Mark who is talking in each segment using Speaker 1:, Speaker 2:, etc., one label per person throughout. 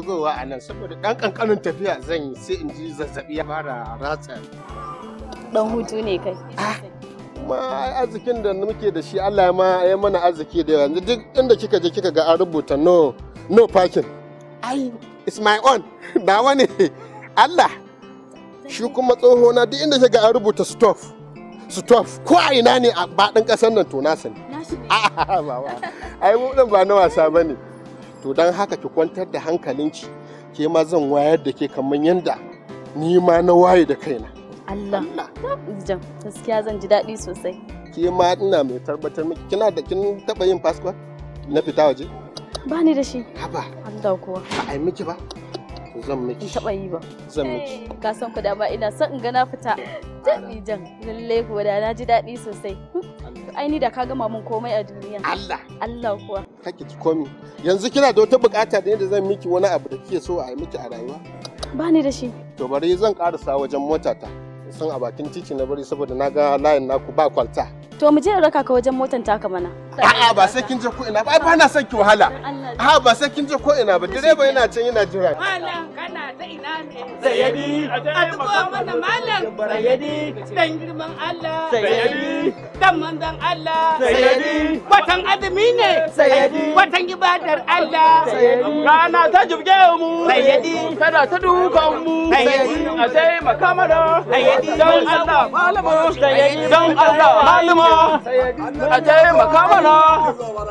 Speaker 1: shigowa a nan saboda ɗan ƙanƙanin tafiya zan yi sai in ji zazzaɓi ya fara ratsa dan hutu ne kai ah, ma arzikin da muke da shi Allah ma ya mana arziki da yanzu duk inda kika je kika ga an rubuta no no parking ai it's my own da wani Allah shi kuma tsoho na duk inda kika ga an rubuta stop stop ko a ina ne a baɗin ƙasar nan to na sani a'a ah, ba ai mu ba na wasa bane to don haka ki kwantar da hankalinki ke ma zan wayar da ke kamar yadda ni ma na waye da kaina
Speaker 2: Allah jam gaskiya zan ji daɗi sosai
Speaker 1: ke ma ina mai tabbatar miki kina da kin taba yin passport na fita waje
Speaker 2: ba ni da shi haba Allah kuwa
Speaker 1: ba ai miki ba zan miki taba yi ba zan miki eh,
Speaker 2: ka san ku da ba ina son in ga na fita daɗi jam lalle kuwa da na ji daɗi sosai ai ni da ka gama mun komai a duniya Allah Allah kuwa
Speaker 1: kake ki komi yanzu kina da wata bukata da yadda zan miki wani abu da kike so a yi miki a rayuwa ba ni da shi to bari zan karasa wajen motata san a bakin titi na bari saboda na ga layin naku ba kwalta
Speaker 2: to mu je in raka ka wajen motan taka mana
Speaker 1: a'a ba sai kin je ko ina ba ba na son ki wahala a'a ba sai kin je ko ina ba direba yana can yana jira malam
Speaker 3: kana ta ina ne zayyadi a tuko mana malam sayyidi dan girman Allah sayyidi dan manzan Allah sayyidi watan azumi ne sayyidi watan ibadar Allah sayyidi Kana ta jibge
Speaker 4: mu sayyidi Kana ta dukan mu sayyidi a sai makamara sayyidi don Allah malama sayyidi don Allah malama a sai makamara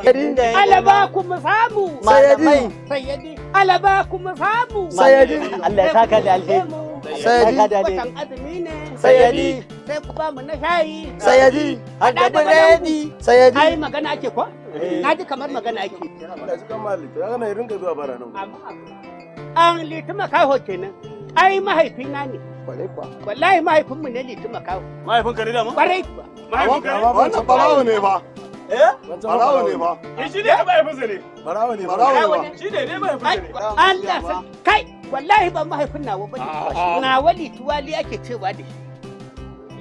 Speaker 3: sayyidi alaba kuma samu sayyidi sayyidi alaba kuma samu sayyidi Allah ya saka da alheri
Speaker 1: sayyidi watan
Speaker 3: azumi ne sayyidi sai ku ba mu na shayi sayadi hada biredi sayadi ai magana ake ko eh. na ji kamar magana ake da su
Speaker 4: kamar irin zuwa
Speaker 3: bara nan an makaho kenan ai mahaifina ne kwarai kwa wallahi mahaifin mu ne
Speaker 4: litin makaho mahaifin ka ne da mu kwa mahaifin ka ne ne ba Barawo ne ba. Shi ne ba ya fasa ne. Barawo ne ba. Shi
Speaker 2: ne ne ba ya ne. Allah
Speaker 3: san kai wallahi ba mahaifin nawa bane. Ah, ah. Nawa lituwali ake cewa da shi.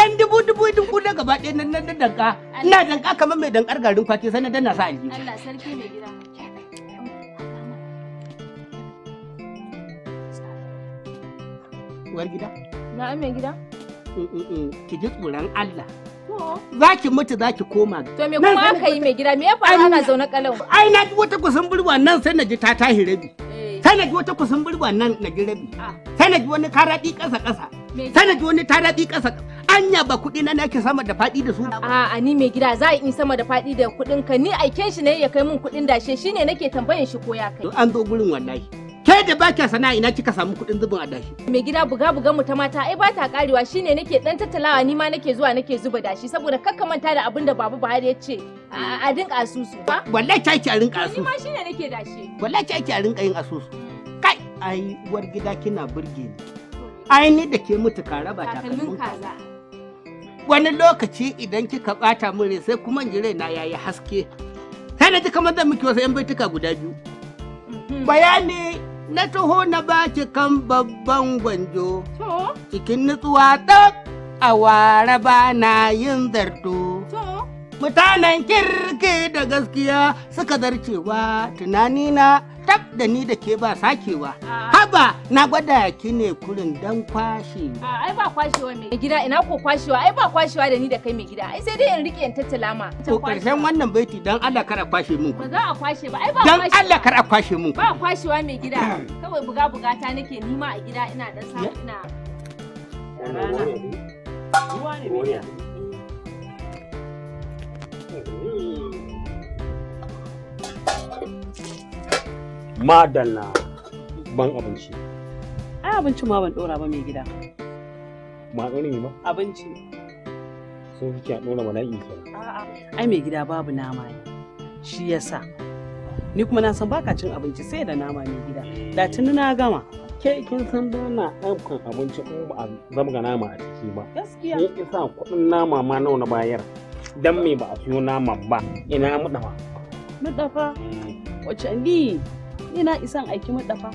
Speaker 3: dan dubu dubu dubu na gaba ɗaya nan nan danka ina danka kamar mai dankar garin kwaki sai na danna sa aljihu Allah
Speaker 2: sarki mai gida
Speaker 3: uwar gida na'am mai gida ki ji tsoron Allah za ki mutu za ki koma. To me kuma aka yi mai gida me ya faru ana zaune kalau? Ai na ji wata kusan burwa nan sai na ji ta tahi rabi. Eh. Sai na ji wata kusan burwa nan na ji rabi. Sai ah. na ji wani karaɗi ƙasa ƙasa. Sai na ji wani taraɗi ƙasa ƙasa. anya ba kuɗi na nake sama da faɗi da su a a ni mai gida za a in sama da faɗi da kuɗin ka ni aiken shi ne ya kai min kuɗin dashe shine nake tambayan shi ko ya kai an zo gurin wallahi ke da ba kya sana'a ina kika samu kuɗin zubin adashi mai gida buga buga mu ta mata ai ba ta karewa shine nake dan tattalawa ni ma nake zuwa nake zuba dashi saboda kakka manta da abin da babu Buhari ya ce a dinka asusu ba wallahi ta ki a rinka asusu ni ma shine nake dashi wallahi ta ki a rinka yin asusu kai ai uwar gida kina burge ni ai ni da ke mutu ka raba takalmin kaza wani lokaci idan kika bata min rai sai kuma jire na yayi haske sai na ji kamar zan miki wasu yan baituka guda biyu mm-hmm. bayani na taho na baki kan babban gwanjo cikin nutsuwa tak a ware ba na yin zarto mutanen kirki da gaskiya suka zarcewa tunani na tab da ni da ke ba sakewa ah. haba na gwada ki ne kurin dan kwashe
Speaker 2: ah, ai ba kwashewa mai gida ina ko kwashewa
Speaker 3: ai ba kwashewa da ni da kai mai gida ai sai dai in rike in tattala ma to karshen wannan baiti dan Allah kar a kwashe mu ba za a kwashe ba ai ba dan Allah kar a kwashe mu ba kwashewa mai gida kawai buga buga ta nake nima a gida ina dan sa ina
Speaker 5: Ruwa ne madalla ban abinci
Speaker 2: ai abinci ma ban dora ba mai gida ma dora ba abinci
Speaker 5: sun kike dora ma kenan a'a
Speaker 2: ai mai gida babu nama ne shi yasa ni kuma na san baka cin abinci sai da nama mai gida da tuni na gama ke kin san ba na ɗaukan abinci in ba a ga nama a ciki ba gaskiya ni
Speaker 5: isa kuɗin nama ma nawa na bayar dan me ba a siyo nama ba ina mu dafa
Speaker 2: mu dafa mm. wace ni ina isan aiki madafa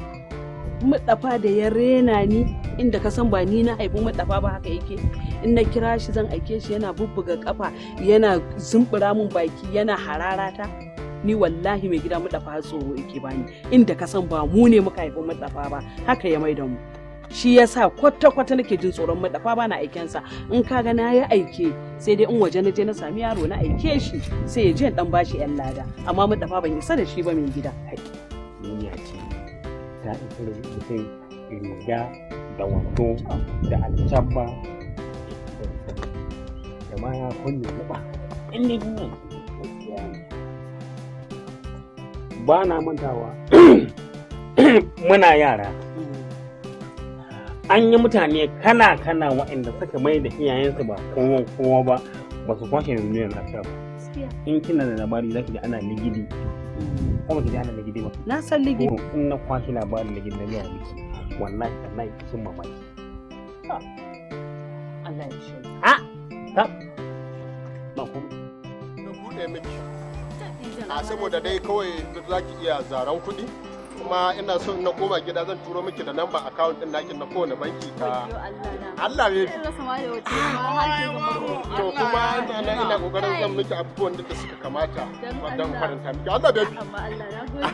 Speaker 2: madafa da ya rena ni inda ka san ba ni na haifi madafa ba haka yake in na kira shi zan aike shi yana bubbuga kafa yana zumbura mun baki yana hararata ni wallahi mai gida madafa tsoro yake bani inda ka san ba mu ne muka haifin madafa ba haka ya maida mu shi yasa kwata kwata nake jin tsoron madafa ba na aikensa in kaga na ya aike sai dai in waje na je na sami yaro na aike shi sai ya je dan bashi yan lada amma madafa ban isa da shi ba mai gida
Speaker 5: duniya ce ta isar mutum riga da wando da alcabba da ma ya kunne gaba ɗalle duniya ba na mantawa muna yara an yi mutane kana kana waɗanda suka mai da iyayensu ba kowa kowa ba ba su kwashe duniyar lafiya in kina da labari zaki da ana ligidi kuma ki jana gida ba na san lagidi in na kwashi labarin lagidi na yawa miki wallahi wallahi sun mamaki
Speaker 1: Allah ya shi ha ta. ba ku na bude miki a ah, saboda dai kawai za ki iya zaran kuɗi kuma ina so na koma gida zan turo miki da namba account din nakin na kowane banki ka
Speaker 2: Allah ya to kuma ina ina kokarin zan
Speaker 1: miki abubuwan da suka kamata don faranta miki Allah baby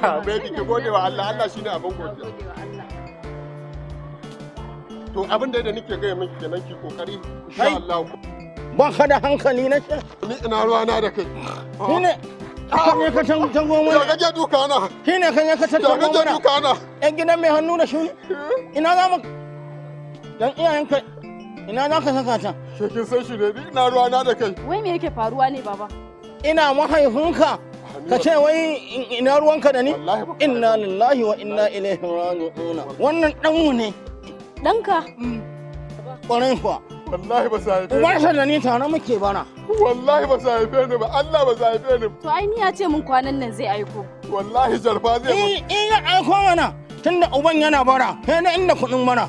Speaker 2: ah, baby ki gode wa Allah
Speaker 1: Allah shine abin godiya to abin da da nake gaya miki kenan ki kokari insha Allah
Speaker 4: ban hada hankali na shi ni ina ruwa na da kai ni ne Kan ka can can goma. Ya gaje duka na. Shi ne kan ka can goma. Ya gaje duka na. Yan gidan mai hannu da shuni. Eh? Ina za mu dan iyayenka ina za ka saka ta? Shekin san shi ne ina ruwa na da kai. Wai me yake faruwa ne baba? Ina mahaifinka. ka ce wai ina ruwanka da ni inna lillahi wa inna ilaihi raji'un wannan danmu ne danka mm. ƙwarai kuwa Wallahi ba sa haife ni. Uban ta tare muke bana. Wallahi ba sa haife ni ba, Allah ba sa haife ni. To ai ni ya ce mun
Speaker 2: kwanan nan zai aiko. Wallahi jarfa zai mun.
Speaker 4: Eh ya aiko mana tunda uban yana bara, sai na inda kuɗin mana.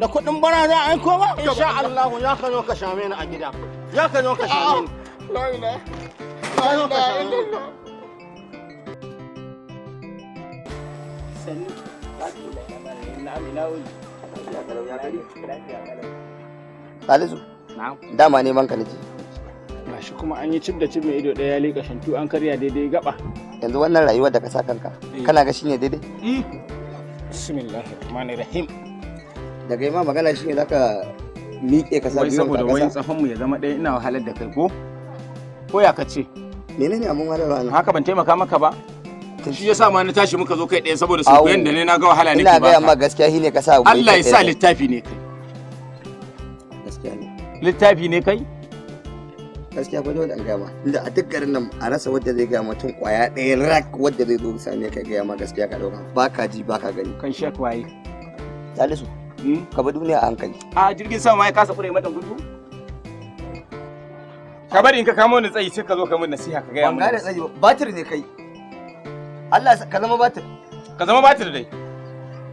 Speaker 4: Da kuɗin bara za a aiko ba? Insha Allah ya ka zo ka shame ni a gida. Ya ka zo ka shame.
Speaker 1: ni. La ilaha.
Speaker 4: La Salisu. Na'am. Dama neman ka nake. Gashi kuma an yi cin da cin mai ido ɗaya ya leƙa shantu an karya daidai gaba. Yanzu wannan rayuwar da ka sa kanka eh. kana ga ne daidai? Hmm. Bismillahir Rahmanir Rahim. Daga ma magana ne zaka miƙe ka sa biyu ka kasa. Wai saboda wani tsafan mu ya zama ɗaya ina wahalar da kai ko? Ko ya ka ce? Menene abun wahalar Haka ban taimaka maka ba? shi yasa ma na tashi muka zo kai ɗaya saboda sun da ne na ga wahala ne ba. Ina ga amma gaskiya shine ka sa. Allah ya sa littafi ne kai. littafi ne kai gaskiya fa dole an ma. inda a duk garin nan a rasa wadda zai ma mutum kwaya ɗaya rak wadda zai zo same ka gaya ma gaskiya ka dauka ba ka ji ba ka gani kan shek waye talisu hmm? ka bi duniya a hankali a jirgin sama ma ya kasa kure mata gudu ka bari in ka kamo ni tsayi sai ka zo ka min nasiha ka gaya mun ban gane tsayi batir ne kai Allah ka zama batir ka zama batir dai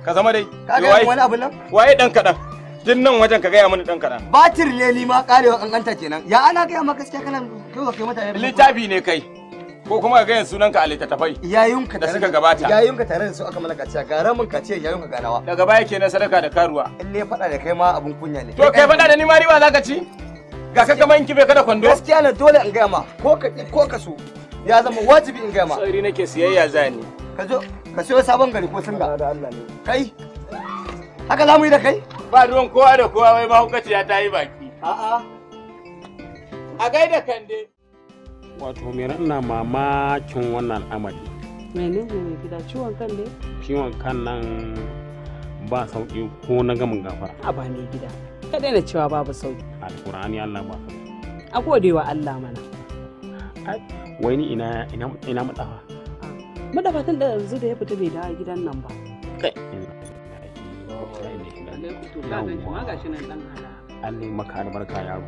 Speaker 4: ka zama dai ka ga wani abu nan waye dan kadan Din nan wajen ka gaya mini dan kaɗan. Batir ne ni ma karewa kankanta kenan. Ya ana gaya maka gaskiya kana kai wa kai mutane. Littafi ne kai. Ko kuma ka gaya sunanka a littattafai. Yayun ka da suka gabata. Yayun ka tare da su aka mana kaciya ga ramin kaciya yayun ka ganawa. Daga baya kenan sadaka da karuwa. In ne faɗa da kai ma abun kunya ne. To kai faɗa da ni ma riba zaka ci? Ga ka kaman kibe kada kwando. Gaskiya ne dole in gaya ma ko ka ko ka so. Ya zama wajibi in gaya ma. Tsari nake siyayya ni. Ka zo ka siyo sabon gari ko singa. Kai. Haka za mu yi da kai? ba ruwan kowa da kowa wai mahaukaciya ta yi baki a'a
Speaker 2: a da kande
Speaker 5: wato mera ina mamakin wannan amadi.
Speaker 2: mene ne mai gida ciwon kan ne
Speaker 5: ciwon kan nan ba sauƙi ko na gamin gafara
Speaker 2: a ba ne gida ka daina cewa babu sauƙi.
Speaker 5: alkur'ani Allah ba sauƙi.
Speaker 2: a godewa Allah mana
Speaker 5: wai ni ina ina
Speaker 2: ina madafa madafa tun da yanzu da ya fita bai dawo gidan nan ba
Speaker 5: kai kwarai da shi Allah maka albarka yaro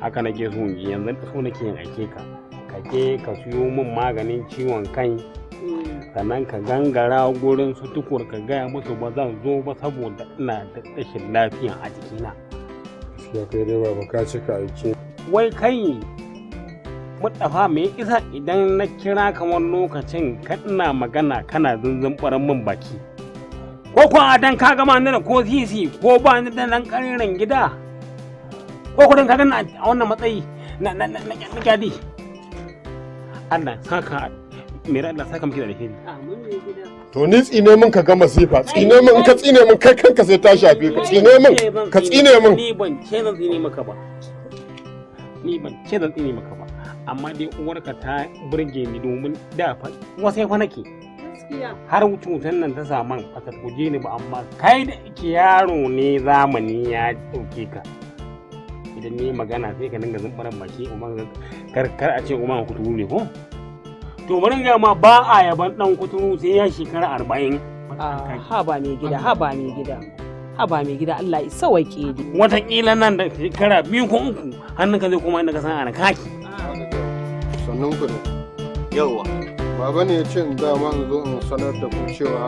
Speaker 5: haka nake so in yanzu so nake yin aike ka ka ke ka siyo min maganin ciwon kai
Speaker 3: mm.
Speaker 5: sannan ka gangara gurin su tukur ka gaya musu ba zan zo ba saboda ina da tashin lafiya a jikina
Speaker 1: ya kai dai baba ka cika aiki
Speaker 5: wai kai mutafa me isa idan na kira kamar lokacin ka ina magana kana zunzun min baki ko kuwa dan ka gama ni da ko sisi ko ba ni da dan kariran gida ko kudin ka na a wannan matsayi na na na na kyadi Allah saka mira Allah saka miki da alheri
Speaker 1: to ni tsine min ka ga masifa
Speaker 5: tsine min ka tsine min kai kanka sai ta shafe ka tsine min ka tsine min ni ban ce zan tsine maka ba ni ban ce zan tsine maka ba amma dai uwarka ta burge ni domin da fa wasai fa nake har cutar nan ta saman a guje ni ba amma kai da ke yaro ne zamani ya ɗauke ka idan ni magana sai ka dinga zumbaran maki umar kar a ce umar kuturu ne ko to bari ga ma ba a yaban dan kuturu sai ya shekara arba'in ah,
Speaker 2: ha ba mai gida ha ba mai gida ha ba mai gida Allah isa waƙe ni watakila nan
Speaker 5: da shekara biyu ko uku hannunka zai kuma inda ka
Speaker 2: san ana kaki sannan
Speaker 5: ku yawwa Baba ne cin ce in zo
Speaker 1: in sanar da ku cewa